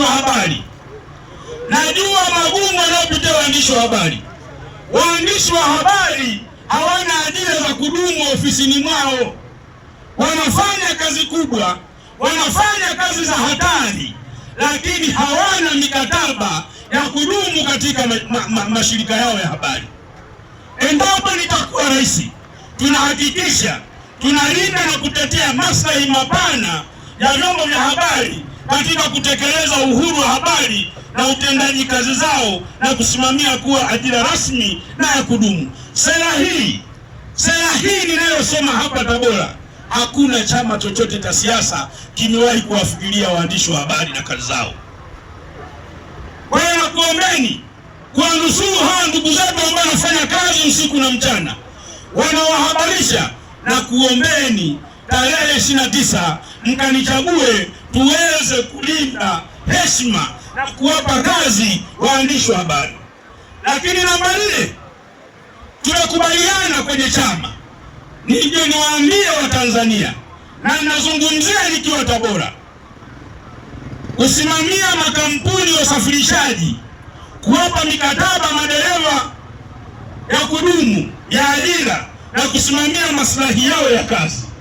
waandishi wa habari, najua magumu wanayopitia waandishi wa habari. Waandishi wa habari hawana ajira za kudumu ofisini mwao, wanafanya kazi kubwa, wanafanya kazi za hatari, lakini hawana mikataba ya kudumu katika ma ma ma mashirika yao ya habari. Endapo nitakuwa rais, tunahakikisha tunalinda na kutetea maslahi mapana ya vyombo vya habari katika kutekeleza uhuru wa habari na utendaji kazi zao na kusimamia kuwa ajira rasmi na ya kudumu. Sera hii sera hii ninayosoma hapa Tabora, hakuna chama chochote cha siasa kimewahi kuwafikiria waandishi wa habari na kazi zao. Kwa hiyo nakuombeni kuwanusuru hawa ndugu zetu ambao wanafanya kazi usiku na mchana, wanawahabarisha na kuombeni tarehe 29 mkanichague tuweze kulinda heshima na kuwapa kazi waandishi wa habari. Lakini namba nne, tunakubaliana kwenye chama, nije niwaambie Watanzania na nazungumzia nikiwa Tabora, kusimamia makampuni ya usafirishaji kuwapa mikataba madereva ya kudumu ya ajira na kusimamia maslahi yao ya kazi.